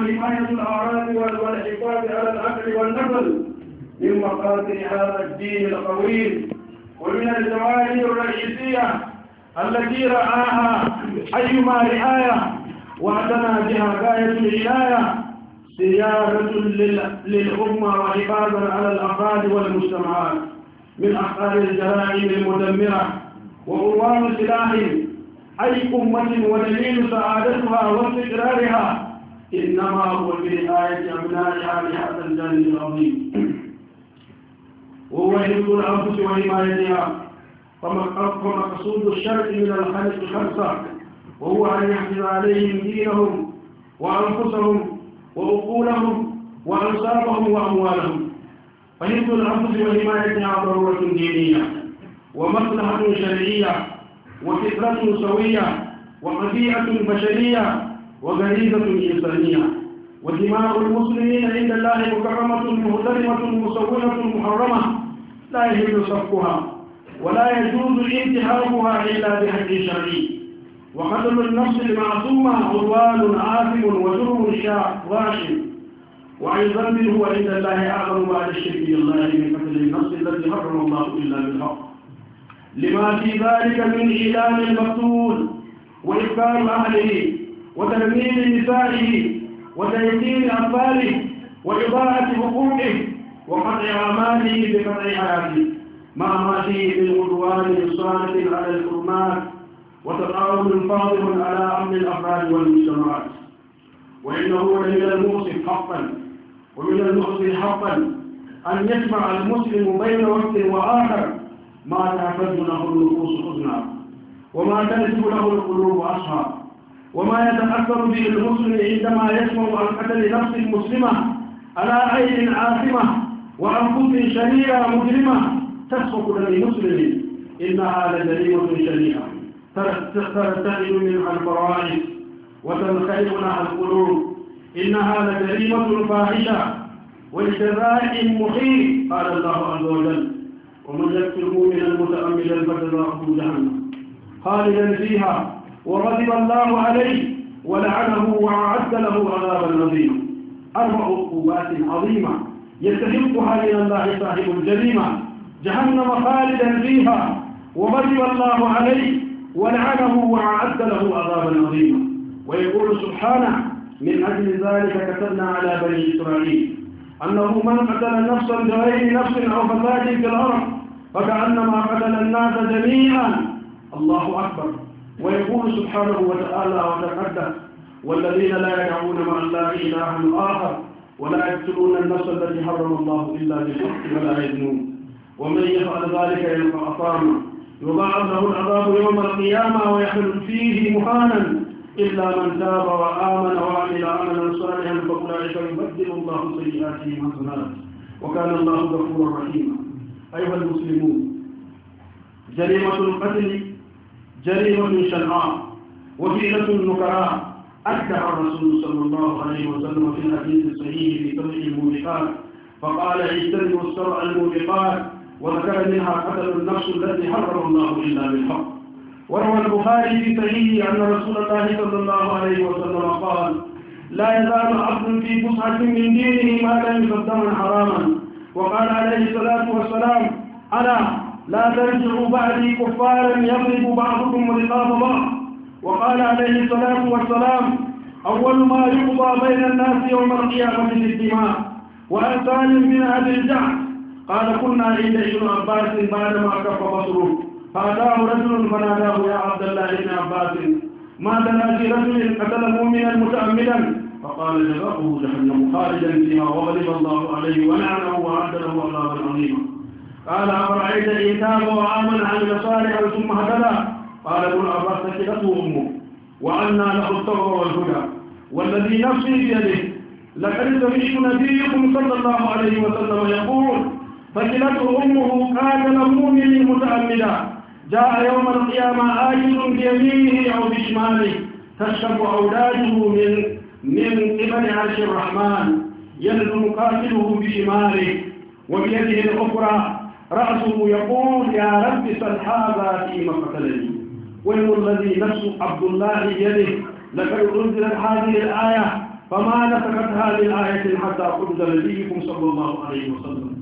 وحماية الأعراض والحفاظ على العقل والنقل من مقاتل هذا الدين القويم ومن الجوانب الرئيسية التي رعاها أيما رعاية واعتنى بها غاية العناية سيادة للأمة وحفاظا على الأفراد والمجتمعات من أخطار الجرائم المدمرة وقوام سلاح أي أمة ودليل سعادتها واستقرارها إنما هو برعاية أبناء عن هذا الجانب العظيم وهو حفظ الأنفس وحمايتها فمقصود الشرع من الخلق خمسة وهو أن يحفظ عليهم دينهم وأنفسهم وعقولهم وأنسابهم وأموالهم فحفظ الأنفس وحمايتها ضرورة دينية ومصلحة شرعية وفطرة سوية وقضية بشرية وغريزة إنسانية ودماء المسلمين عند الله مكرمة مهتمة مسونة محرمة لا يجوز صفكها ولا يجوز انتهاكها إلا بحق شرعي وقتل النفس المعصومة عدوان عاثم وجرم شاع واشم وعن ذنب هو عند الله أعظم بعد الشرك بالله من قتل النفس الذي حرم الله إلا بالحق لما في ذلك من إيلام المقتول وإخبار أهله وتنميم نسائه وتيسير أطفاله وإضاءة حقوقه وقطع آماله بقطع حياته مع ماته بالغدوان إصرار على الحرمات وتقاوم فاضل على أمن الأفراد والمجتمعات وإنه لمن المؤسف حقا ومن المؤسف حقا أن يجمع المسلم بين وقت وآخر ما تعتد له النفوس حزنا وما تنسب له القلوب أصحاب وما يتأثر به المسلم عندما يسمع عن قتل نفس مسلمة على عين عاصمة وعن كل شريعة مجرمة تسقط للمسلم مسلم إنها لجريمة شنيعة ترتعد منها الفرائض وتنخلع لها القلوب إنها لجريمة فاحشة والجزاء مخيف قال الله عز وجل ومن يقتل من المتأمل فجزاءه جهنم خالدا فيها ورضي الله عليه ولعنه وأعد له عذابا عظيما أربع عقوبات عظيمة يستحقها من الله صاحب الجريمة جهنم خالدا فيها ورضي الله عليه ولعنه وأعد له عذابا عظيما ويقول سبحانه من أجل ذلك كتبنا على بني إسرائيل أنه من قتل نفسا بغير نفس أو فساد في الأرض فكأنما قتل الناس جميعا الله أكبر ويقول سبحانه وتعالى وتقدم والذين لا يدعون مع الله إله آخر ولا يقتلون النفس التي حرم الله إلا بالحق ولا يذنون ومن يفعل ذلك يلقى أثاما يضاعف له العذاب يوم القيامة ويحمل فيه مهانا إلا من تاب وآمن وعمل عملا صالحا فأولئك يبدل الله سيئاتهم حسنات وكان الله غفورا رحيما أيها المسلمون جريمة القتل جريمة شنعاء وفئة نكراء أكدح الرسول صلى الله عليه وسلم في الحديث الصحيح في سبع الموبقات فقال اجتنبوا السبع الموبقات وذكر منها قتل النفس الذي حرم الله إلا بالحق وروى البخاري في صحيحه أن رسول الله صلى الله عليه وسلم قال لا يزال عبد في فسحة من دينه ما لم يصدم حراما وقال عليه الصلاة والسلام ألا لا ترجعوا بعدي كفارا يضرب بعضكم رقاب بعض وقال عليه الصلاة والسلام أول ما يقضى بين الناس يوم القيامة الدماء وعن ثاني من أبي الجعد قال كنا عند ابن عباس بعدما كف بصره فأتاه رجل فناداه يا عبد الله بن عباس ما دنا في رجل قتل مؤمنا متأملا فقال جزاؤه جهنم خالدا فيها وغضب الله عليه ولعنه وعدله الله العظيم عظيما قال أفرأيت تاب وآمن عن صالحا ثم هدى قال ابن عباس سكتته أمه وأنى له التوبة والهدى والذي نفسي بيده لقد سمعت نبيكم صلى الله عليه وسلم يقول فكلته أمه كاد مؤمن متأملا جاء يوم القيامة آجز بيمينه أو بشماله تشرب أولاده من من قبل عرش الرحمن يلزم قاتله بشماله وبيده الأخرى رأسه يقول يا رب سل هذا فيما قتلني ويقول الذي نفس عبد الله بيده لقد أنزلت هذه الآية فما نسخت هذه الآية حتى أنزل نبيكم صلى الله عليه وسلم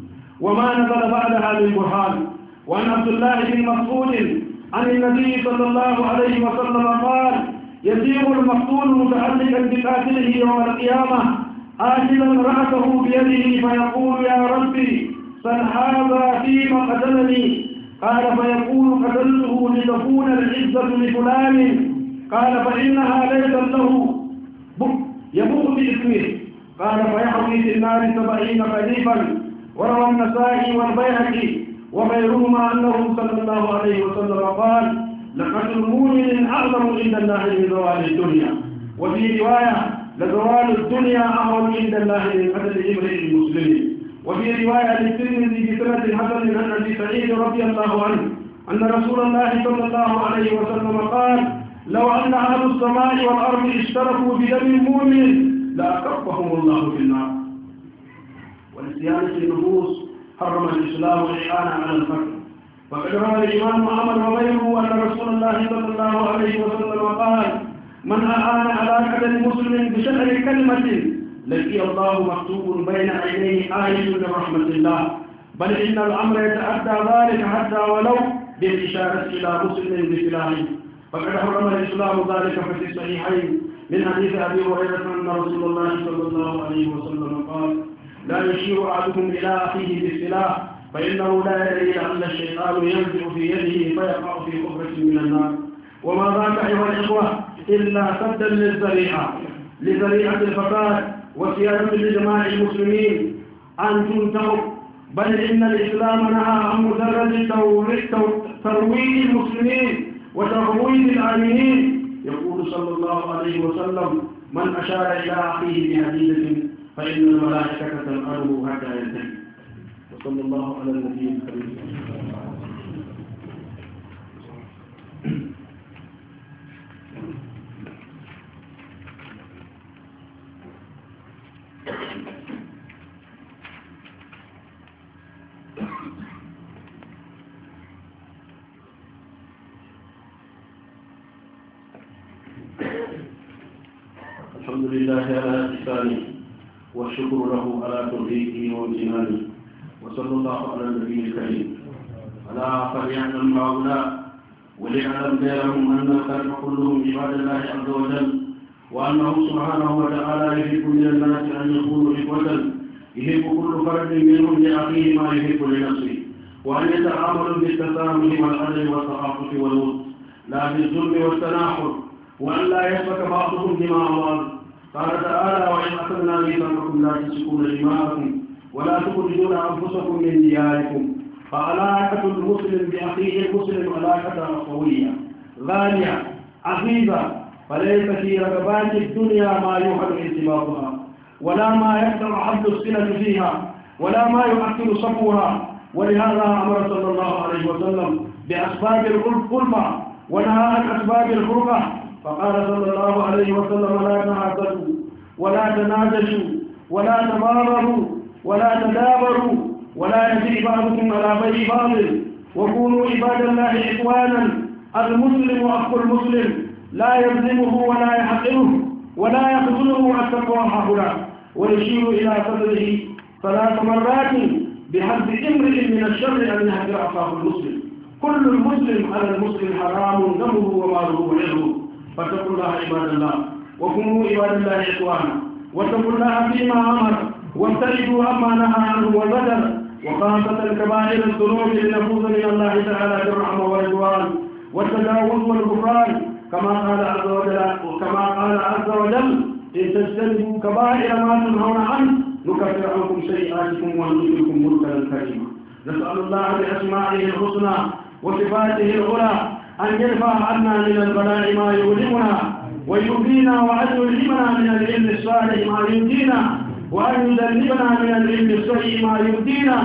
وما نزل بعدها للبرهان البرهان وعن عبد الله بن مسعود عن النبي صلى الله عليه وسلم قال يسير المقتول متعلقا بقاتله يوم القيامة آكلا رأسه بيده فيقول يا ربي هذا فيما قتلني قال فيقول قتلته لتكون العزة لفلان قال فإنها ليست له يبوء باسمه قال فيحوي في النار سبعين خليفا وروى النسائي والبيهقي وغيرهما أنه صلى الله عليه وسلم قال لقتل مؤمن أعظم عند الله من زوال الدنيا وفي رواية لزوال الدنيا أعظم عند الله من قتل امرئ المسلمين وفي رواية في بسند حسن عن أبي سعيد رضي الله عنه أن رسول الله صلى الله عليه وسلم قال لو أن أهل السماء والأرض اشتركوا بدم مؤمن لأكفهم الله في النار ولصيانة النفوس حرم الإسلام الإعانة على الفقر وقد روى الإمام محمد وغيره أن رسول الله صلى الله عليه وسلم قال من أعان على قتل مسلم بشهر كلمة لقي الله مكتوب بين عينيه آية من رحمة الله بل إن الأمر يتأدى ذلك حتى ولو بالإشارة إلى مسلم بسلاحه فقد حرم الإسلام ذلك في الصحيحين من حديث أبي هريرة أن رسول الله صلى الله عليه وسلم قال لا يشير أحدكم إلى أخيه بالسلاح فإنه لا يدري أن الشيطان ينزع في يده فيقع في حفرة من النار وما ذاك أيها الإخوة إلا سدا للذريعة لذريعة الفتاة وسيادة لجماع المسلمين أن تنتهوا بل إن الإسلام نهى عن مجرد ترويج المسلمين وترويج الآمنين يقول صلى الله عليه وسلم من أشار إلى أخيه بهديدة فإن الملائكة تلقنه حتى ينتهي وصلى الله على النبي الكريم الحمد لله على إحسانه والشكر له على توفيقه وامتنانه وصلى الله على النبي الكريم ألا فليعلم هؤلاء وليعلم غيرهم أن الخلق كلهم عباد الله عز وجل وأنه سبحانه وتعالى يحب من الناس أن يكونوا إخوة يحب كل فرد منهم لأخيه ما يحب لنفسه وأن يتعاملوا بالتسامح والعدل والتعاطف والود لا بالظلم والتناحر وأن لا يسفك بعضهم دماء بعض قال تعالى وإن أخذنا ميثاقكم لا تسكون دماءكم ولا تخرجون أنفسكم من دياركم فعلاقة المسلم بأخيه المسلم علاقة قوية غالية عزيزة فليس في رغبات الدنيا ما يوحد انتباهها ولا ما يقدر حد الصلة فيها ولا ما يؤثر صفوها ولهذا أمر صلى الله عليه وسلم بأسباب القربة ونهى عن أسباب الحرمه فقال صلى الله عليه وسلم لا تعاسدوا ولا تناجشوا ولا تمارروا ولا تدابروا ولا يجري بعضكم على بيت بعض وكونوا عباد الله إخوانا المسلم أخو المسلم لا يظلمه ولا يحقره ولا يخذله التقوى هؤلاء ويشير إلى صدره ثلاث مرات بحسب امرئ من الشر أن يهدر أخاه المسلم كل المسلم على المسلم حرام دمه وماله وعلمه فاتقوا الله عباد الله وكونوا عباد الله إخوانا واتقوا الله فيما أمر وابتعدوا عما نهى عنه والبدر وخاصة الكبائر الذنوب لنفوز من الله تعالى بالرحمة والرضوان والتجاوز والغفران كما قال عز وجل وكما قال عز وجل إن تجتنبوا كبائر ما تنهون عنه نكفر عنكم سيئاتكم ونجزكم ملكا كريما نسأل الله بأسمائه الحسنى وصفاته العلى أن يرفع عنا من البلاء ما يؤلمنا ويؤذينا وأن يلهمنا من العلم الصالح ما يؤذينا وأن يذنبنا من العلم السيء ما يؤذينا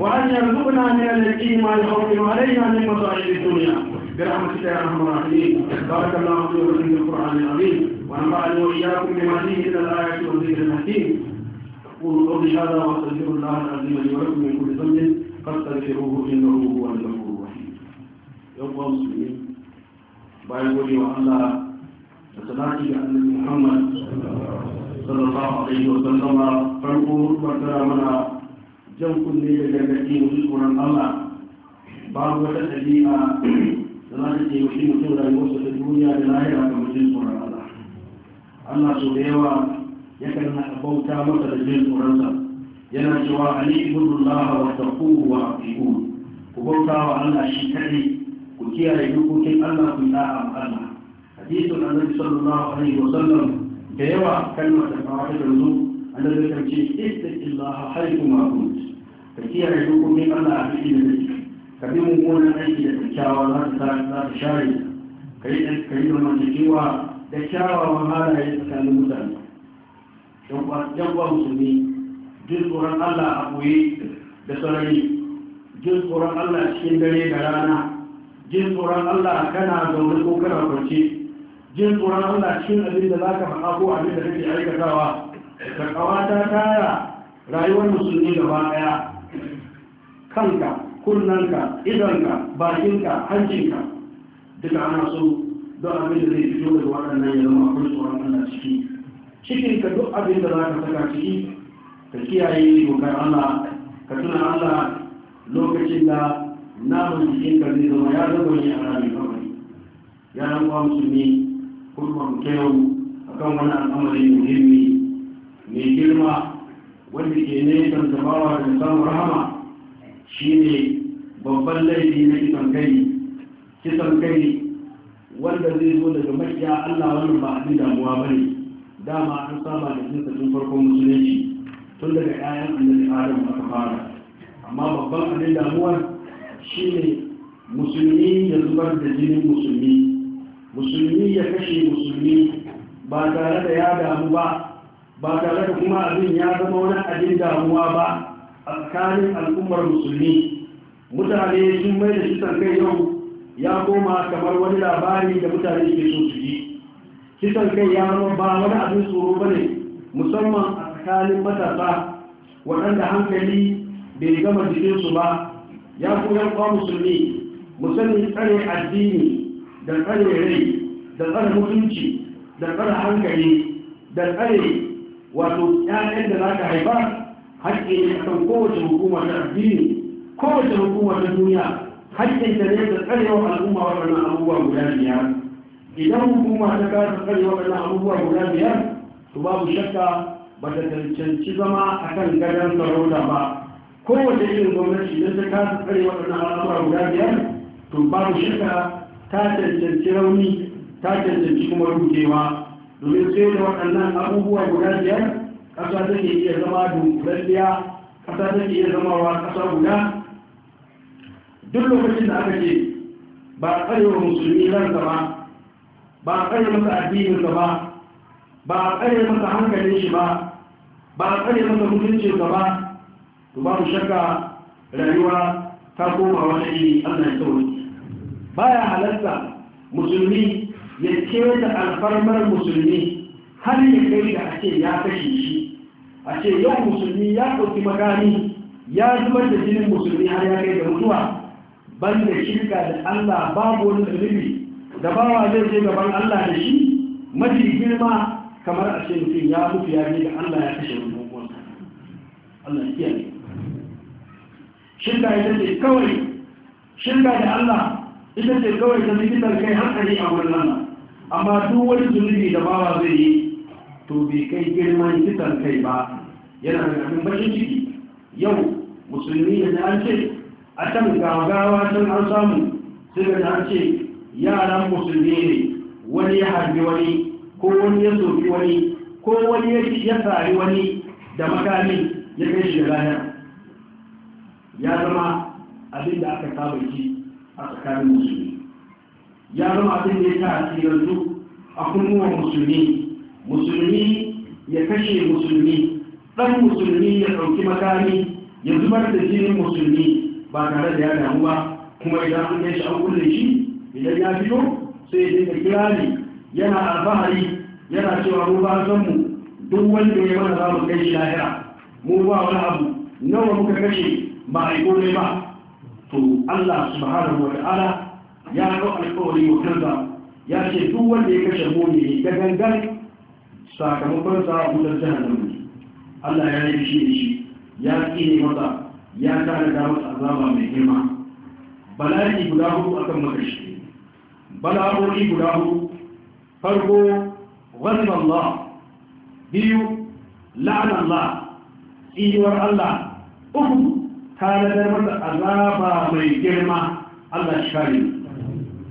وأن يرزقنا من اليقين ما يحرم علينا من مصائب الدنيا برحمتك يا أرحم الراحمين بارك الله في وسلم القرآن العظيم ونفعني وإياكم بما فيه من الآية والذكر الحكيم اقول قولي هذا وأستغفر الله العظيم لي ولكم من كل ذنب فاستغفروه إنه هو الغفور yan uwan su ne bayan gode wa Allah da salati ga annabi Muhammad sallallahu alaihi wa sallama farko rubar tara mana jan kunne da gargaɗi mu ji tsoron Allah babu wata ɗabi'a da za ta taimaki mutum rayuwarsa ta duniya da lahira ga mutum tsoron Allah Allah sau da yawa yakan haɗa bauta masa da jin tsoronsa yana cewa ali ibn Allah wa taquwa wa ku bauta wa Allah shi kadai ku kiyaye dokokin Allah ku da Allah hadisin annabi sallallahu alaihi wasallam da yawa kalmar da kawai da zo annabi kan ce ittaqillaha haythu ma kunt ka kiyaye dokokin Allah a cikin da kake ka bi mummunan aiki da kyakkyawa za ta za ta share ka yi ka yi zamantakewa da kyawawan halaye tsakanin mutane yan uwa musulmi jin Allah a koyi da sarari jin tsoron Allah cikin dare da rana jin tsoron Allah kana zaune ko kana kwanci jin tsoron Allah cikin abin da za ka faɗa ko abin da kake aikatawa ka ta kaya rayuwar musulmi gaba ɗaya kanka kunnanka idonka bakinka hancinka duka ana so don abin da zai fito daga waɗannan ya zama kun tsoron Allah ciki cikin ka duk abin da za ka saka ciki ka kiyaye dokar Allah ka tuna Allah lokacin da namun jikin ka zai zama ya zama ne a rami ya nan kwa musulmi kurban kyau a kan wani al'amari muhimmi mai girma wanda ke ne kan tabawa da samun rahama shine babban laifi na kisan kai kisan kai wanda zai zo daga makiya allah wannan ba abin damuwa ba ne dama an saba da jinsa tun farkon musulunci tun daga 'ya'yan annabi adam aka fara amma babban abin damuwar shi ne musulmi ya zubar da jinin musulmi musulmi ya kashe musulmi ba tare da ya damu ba ba tare da kuma abin ya zama wani abin damuwa ba a tsakanin al'ummar musulmi mutane sun mai da kisan kai yau ya koma kamar wani labari da mutane ke so su yi kisan kai ya zama ba wani abin tsoro ba ne musamman a tsakanin matasa waɗanda hankali bai gama jikinsu ba ya ku yan kwa musulmi musamman tsare addini da tsare rai da tsare mutunci da tsare hankali da tsare wato ƴaƴan da za ka haifa haƙƙi ne a kan kowace hukuma ta addini kowace hukuma ta duniya haƙƙin ta ne da tsarewa al'umma waɗannan abubuwa guda biyar idan hukuma ta kasa tsare waɗannan abubuwa guda biyar to babu shakka ba ta cancanci zama a kan gadon sarauta ba kowace irin gwamnati don ta kasa tsare waɗannan al'amura guda biyar to babu shakka ta cancanci rauni ta cancanci kuma rukewa domin sai da waɗannan abubuwa guda biyar ƙasa take iya zama dunkulalliya ƙasa take iya zama wa ƙasa guda duk lokacin da aka ce ba a tsarewa musulmi ransa ba ba a tsare masa addininsa ba ba a tsare masa hankalin shi ba ba a tsare masa mutuncinsa ba to babu shakka rayuwa ta koma wani iri Allah ya Ba ya halarta musulmi ya da alfarmar musulmi har ya kai da ake ya kashe shi a ce yau musulmi ya ɗauki magani ya zubar da jinin musulmi har ya kai da mutuwa Ban da shirka da Allah babu wani zunubi da bawa zai je gaban Allah da shi mafi girma kamar a ce mutum ya mutu ya ne da Allah ya kashe wani Allah ya kiyaye shirka ita ce kawai shirka da Allah ita ce kawai ta likitar kai hankali a wannan amma duk wani zunubi da bawa zai yi to bai kai girman kitan kai ba yana da abin bashin ciki yau musulmi da an ce a can gagawa can an samu sai da an ce yaran musulmi ne wani ya harbi wani ko wani ya soki wani ko wani ya sari wani da makami ya kai shi da lahira ya zama abin da aka saba ji a tsakanin musulmi ya zama abin da ya ta yanzu a kunnuwan musulmi musulmi ya kashe musulmi ɗan musulmi ya ɗauki makami ya zubar da jinin musulmi ba tare da ya damu ba kuma idan an kai shi an kulle shi idan ya fito sai ya dinga kira ne yana alfahari yana cewa mu ba san mu duk wanda ya mana za mu kai shi lahira mu ba wani abu nawa muka kashe ba a yi komai ba to Allah subhanahu wa ta'ala ya ɗau alƙawari wa kansa ya ce duk wanda ya kashe mone da gangan sakamakon sa wutar jahannama ne Allah ya yi shi shi ya tsine masa ya tare da masa azaba mai girma bala'i guda hudu akan makashi bala'o'i guda hudu farko wannan Allah biyu la'an Allah tsiniwar Allah uku tanadar masa azaba mai girma Allah shi kare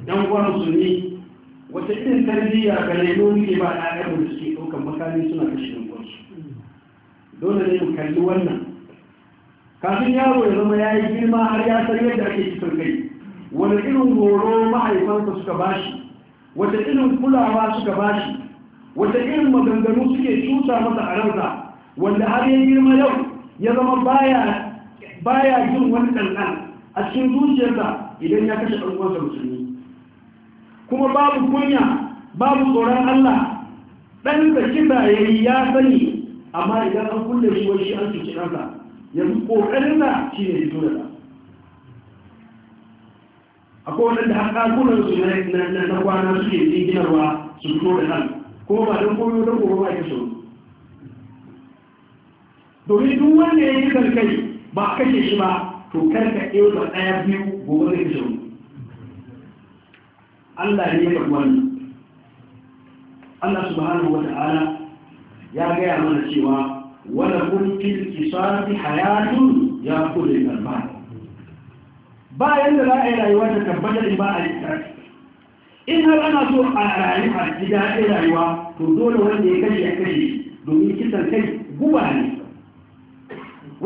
yan uwa musulmi wata irin tarbiyya ga nemi ne ba ƴaƴan da suke ɗaukar makami suna kashe yan dole ne mu kalli wannan kafin yaro ya zama ya yi girma har ya san yadda ake cikin kai wani irin horo mahaifansa suka bashi wata irin kulawa suka bashi wata irin maganganu suke cuta masa a ransa wanda har ya girma yau ya zama baya baya jin wani ɗanɗan a cikin zuciyarsa idan ya kashe ɗan musulmi kuma babu kunya babu tsoron Allah ɗan da kisa ya yi ya sani amma idan an kulle shi wani shi an cuci ɗansa yanzu ƙoƙarin sa shi ne fito da ɗan akwai da har ɗakunan su na kwana suke jinginarwa su fito da nan, kuma ba don koyo don gobe ba ya so domin duk wanda ya yi karkai ba kashe shi ba to karka ɗaya ɗaya biyu gobe zai kashe wani Allah ne ya wannan Allah subhanahu wa ta'ala ya gaya mana cewa wadda kun fil hayatun ya kulli kalma ba yanda za a yi rayuwa ta tabbatar in ba a littafi in har ana so a rayu a gida rayuwa to dole wanda ya kashe ya kashe domin kisan kai guba ne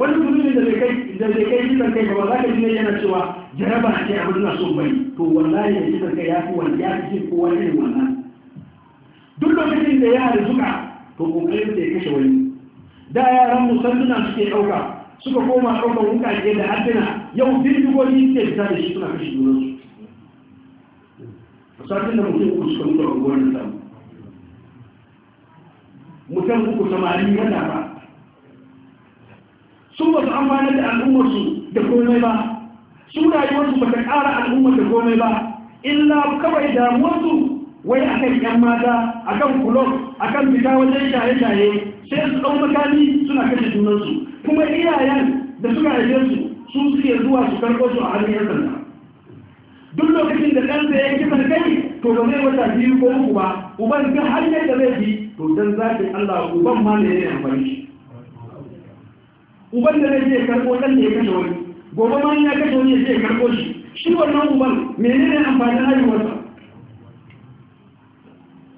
wani mutumin da kai da bai kai kisan kai ba za ka ji yana cewa jaraba ce abin na so bai to wallahi da kisan kai ya fi wani ya fi jin kowa irin wannan duk lokacin da ya rizuka to kokarin da ya kashe wani da yaran musamman suke ɗauka suka koma ɗaukar wukake da haddina yau bindigoni ke fita da shi suna kashe junansu satin da mutum uku suka mutu a unguwar da samu mutum uku samari yana ba su ba su amfani da al'ummarsu da komai ba su rayuwarsu ba ta ƙara al'ummar da komai ba illa kawai damuwarsu wai a kan ‘yan mata a kan kulob a kan fita wajen shaye-shaye sai su ɗau makami suna kashe junansu kuma iyayen da suka haife su su suke zuwa su karɓo su a hannun ‘yan sanda duk lokacin da ɗansa ya kisa kai to ba zai wata biyu ko uku ba uban ta hanyar da zai bi to dan zaɓi allah uban ma ne ya yi amfani shi uban da zai je karɓo ɗan da ya kashe wani gobe ma ya kashe wani ya je karɓo shi shi wannan uban menene amfanin haihuwarsa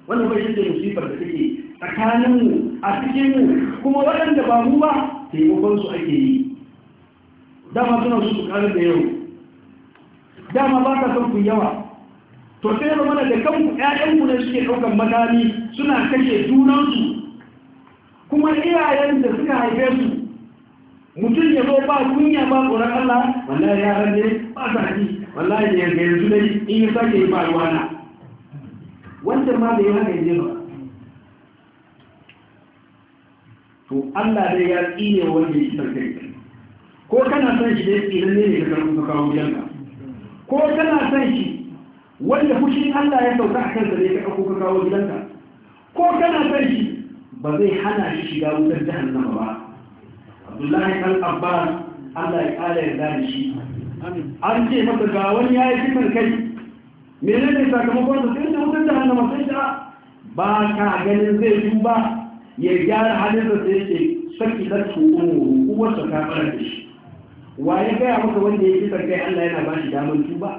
wannan bai shi musibar da take tsakaninmu a cikinmu kuma waɗanda ba mu ba taimakon su ake yi dama suna su ƙarar da yau dama ba ta son ku yawa to sai ba mana da kanku ƴaƴanku na suke ɗaukar makami suna kashe junansu kuma iyayen da suka haife su mutum ya zo ba kunya ba tsoron Allah wallahi ya ran dai ba sa ji wallahi da yanzu yanzu dai in ya sake yi ba na wanda ma da yawa da yaje ba to Allah dai ya tsine wanda ya tsarka ko kana son shi dai tsine ne ka karɓi ka kawo biyanka ko kana son shi wanda fushin Allah ya sauka a kansa ne ka ɗauko ka kawo gidanka ko kana son shi ba zai hana shi shiga wutar jahannama ba abdullahi dan abbas Allah ya kare yarda da shi an ce masa ga wani yi kisan kai Mene ne sakamakon da sai da wutar jahannama sai da ba ka ganin zai yi ba? ya gyara halin da sai yake saki da tsoro uwar sa ta fara da shi wa ya gaya maka wanda ya yi kisan kai Allah yana ba shi damar tuba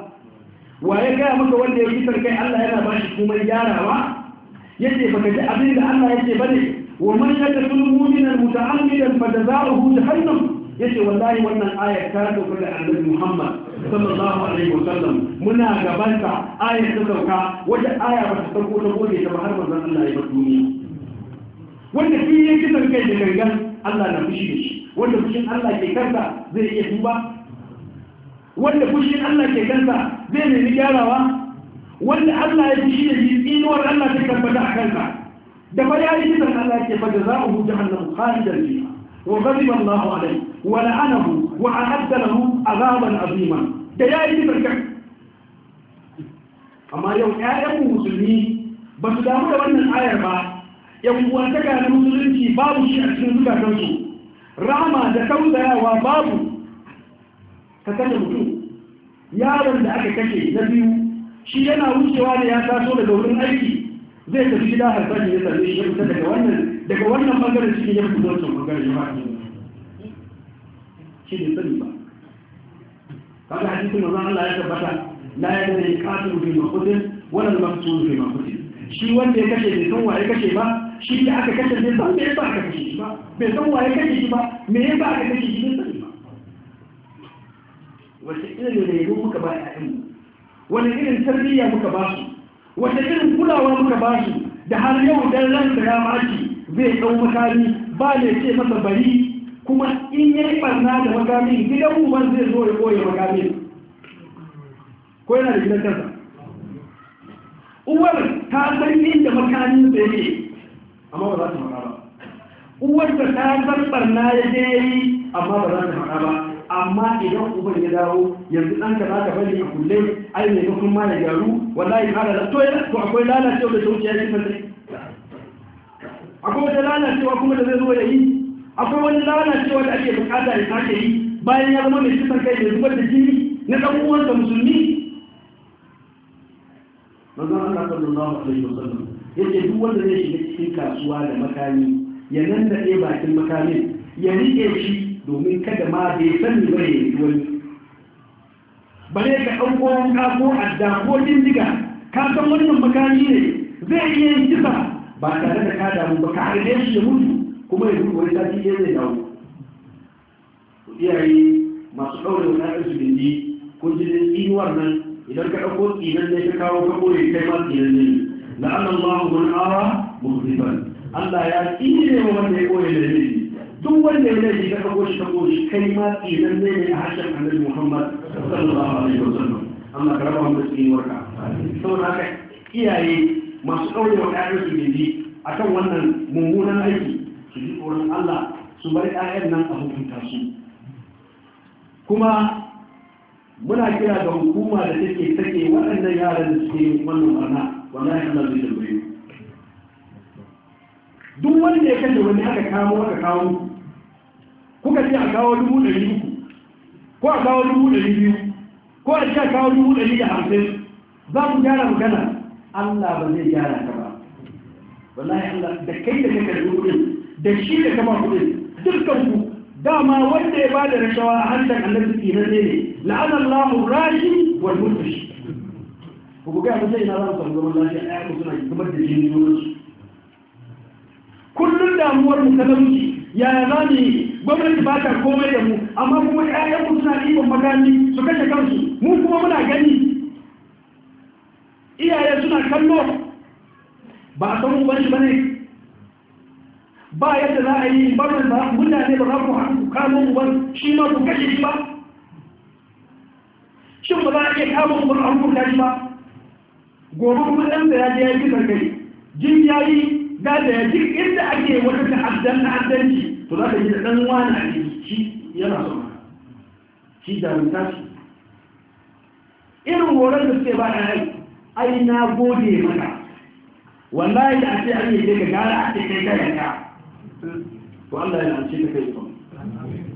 wa ya gaya maka wanda ya yi kisan kai Allah yana ba shi kuma gyarawa ba ka ji abin da Allah ya ce ba ne? ومن يقتل مؤمنا متعمدا فجزاؤه جهنم yace wallahi wannan aya ta tafi da annabi Muhammad sallallahu alaihi wasallam muna gaban ta aya ta sauka wata aya ba ta sauko ta gode ta har manzon Allah ya bar duniya wanda shi ya kisa kai da gangan Allah na fushi da shi wanda fushin Allah ke kansa zai iya tuba wanda fushin Allah ke kansa zai nemi gyarawa wanda Allah ya fushi da shi tsinuwar Allah ta tabbata a kansa da fa ya yi kisan Allah ke fa jazaohu jahannam khalidan fiha wa ghadiba Allah alayhi wa la'anahu wa a'adda lahu azaban azima da ya yi kisan kan amma yau ƴaƴan musulmi ba su damu da wannan ayar ba yan uwantaka na musulunci babu shi a cikin zukatansu rama da tausayawa babu ka kashe mutum yaron da aka kashe na biyu shi yana wucewa ne ya taso daga wurin aiki zai tafi gida harfani ya sami shi ya daga wannan daga wannan bangaren shi ya fita wancan bangaren ya faɗi shi ne sani ba kaga hadisin manzon Allah ya tabbata la ya dane qatil bi maqtul wala al-maqtul bi mafudin shi wanda ya kashe bai san waye kashe ba shi da aka kashe bai san bai ba aka kashe shi ba bai san waye kashe shi ba me ya ba aka kashe shi bai sani ba wace irin ne muka ba ƴaƴanmu wani irin tarbiyya muka ba su wata irin kulawa muka bashi da har yau dan ranta ya maki zai dau makami ba ne ce masa bari kuma in ya yi ɓarna da makami gidan ban zai zo ya koyi makami ko yana da gidan kansa uwar ta san inda makamin da yi amma ba za ta faɗa ba uwar ta san ɓarna ya je yi amma ba za ta faɗa ba amma idan uban ya dawo yanzu ɗan ka zaka bari a kulle ai ne nufin ma ya garu wallahi ma da to yana to akwai lalacewa da zuciya shi kifa sai akwai wata lalacewa kuma da zai zo ya yi akwai wani lalacewa da ake bukata ya sake yi bayan ya zama mai kisan kai da zubar da jini na ɗan da musulmi manzon Allah sallallahu alaihi wasallam yake duk wanda zai shiga cikin kasuwa da makami ya nan da bakin makamin ya rike shi domin kada ma bai sani ba ne wani bare ka ɗauko wanka ko adda ko dindiga ka san wannan makami ne zai iya yin kisa ba tare da ka damu ba ka harbe shi ya mutu kuma ya mutu wani sati iya zai dawo iyaye masu ɗaure wani ɗan su dindi ko jinin tsinuwar nan idan ka ɗauko tsinan ne ka kawo ka ɓoye kai ma tsinan ne la'anallahu man ara awa Allah ya tsine ne wanda ya ɓoye da dalili duk wanda ya laifi ka kago shi kago shi kai ma tsinan ne ne a harshen annabi muhammad sallallahu alaihi wasallam Allah ka raba mu da tsinuwarka saboda haka iyaye masu ɗaure wa ƴaƴan su gindi akan wannan mummunan aiki su ji tsoron Allah su bar ƴaƴan nan a hukunta su kuma muna kira ga hukuma da take take waɗannan yaran da suke wannan barna wallahi Allah zai tambaye duk wanda ya kashe wani haka kawo haka kawo kuka ce a kawo dubu ɗari a kawo dubu ɗari biyu ko a ce a kawo dubu ɗari za ku gyara Allah ba zai gyara ka ba wallahi Allah da kai da kake da da shi da kama kuɗin dukkan ku dama wanda ya bada rashawa a hannun annabi tsirarre ne la'ana Allahu rashi wal mutashi ku ku ga mutai na za samu zaman lafiya ɗaya ku suna zubar da jini kullum damuwar mu talauci yaya za gwamnati ba ta komai da mu amma kuma ƴaƴan mu suna ɗiban makami su kashe kansu mu kuma muna gani iyaye suna kallo ba a san uban ba ne. ba yadda za a yi barin ba mutane ba za ku kamo uban shi ma ku kashe shi ba shin ba za a iya kama uban an hukunta shi ba gobe kuma ɗan da ya je ya fi zargari jin ya yi da ya ji inda ake wata ta'addan ta'addanci to za ka yi da ɗan wani a ne shi yana son shi jarinta shi irin horon da suke ba ɗaya ai na gode mana wallahi da ce an yi ga gara a cikin ka to Allah ya lance ka kai son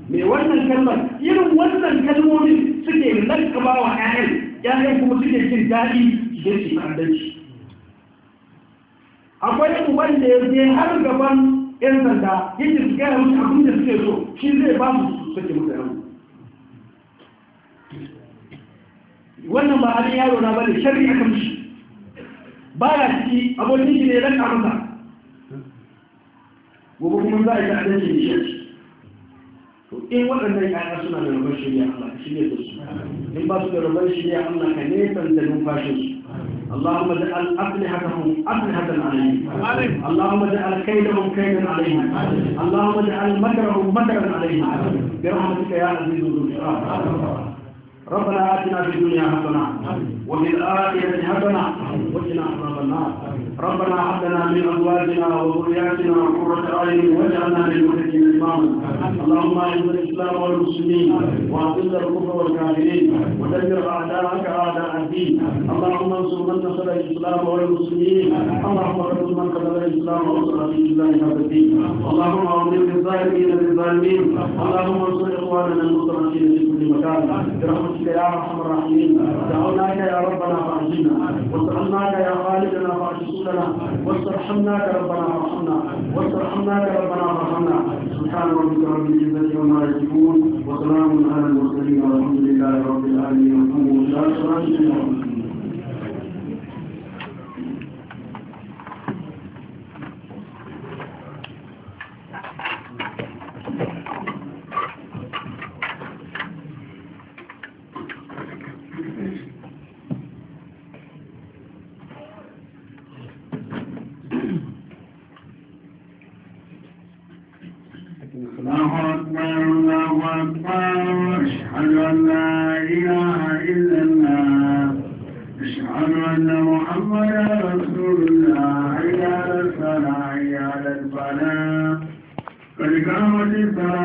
mai wannan kalmar irin wannan kalmomin suke lakaba wa ƴaƴan ƴaƴan kuma suke jin daɗi da shi akwai uban da ya je har gaban yan sanda yake su gaya musu abin da suke so shi zai ba su sake musu yawon wannan ba halin yaro na bane shari'a aka kamshi. ba ya ciki abokin shi ne ya lanka masa gobe kuma za a yi ta'adar shi ne shi to in waɗannan yaya suna da rabar shari'a Allah ka shirya da su in ba su da rabar shari'a Allah ka nesan da numfashin su اللهم اجعل أسلحتهم أسلحة عليهم اللهم اجعل كيدهم كيدا عليهم اللهم اجعل مكرهم مكرا عليهم برحمتك يا عزيز ذو ربنا آتنا في الدنيا حسنة وفي الآخرة حسنة وقنا عذاب النار ربنا عبدنا من ازواجنا وذرياتنا وقرة اعين واجعلنا للمتقين اماما اللهم اعز الاسلام والمسلمين واذل الكفر والكافرين ودمر اعداءك اعداء الدين اللهم انصر من نصر الاسلام والمسلمين اللهم اقتل من قتل الاسلام وانصر في الإسلام هذا الدين اللهم اعظم للظالمين للظالمين اللهم انصر اخواننا المستضعفين في كل مكان برحمتك يا ارحم الراحمين دعوناك يا ربنا فاعجلنا وسالناك يا خالقنا فاعجلنا ربنا واستر ربنا وارحمنا واستر ربنا وارحمنا سبحان ربك رب العزة عما يصفون وسلام على المرسلين والحمد لله رب العالمين والحمد لله رب العالمين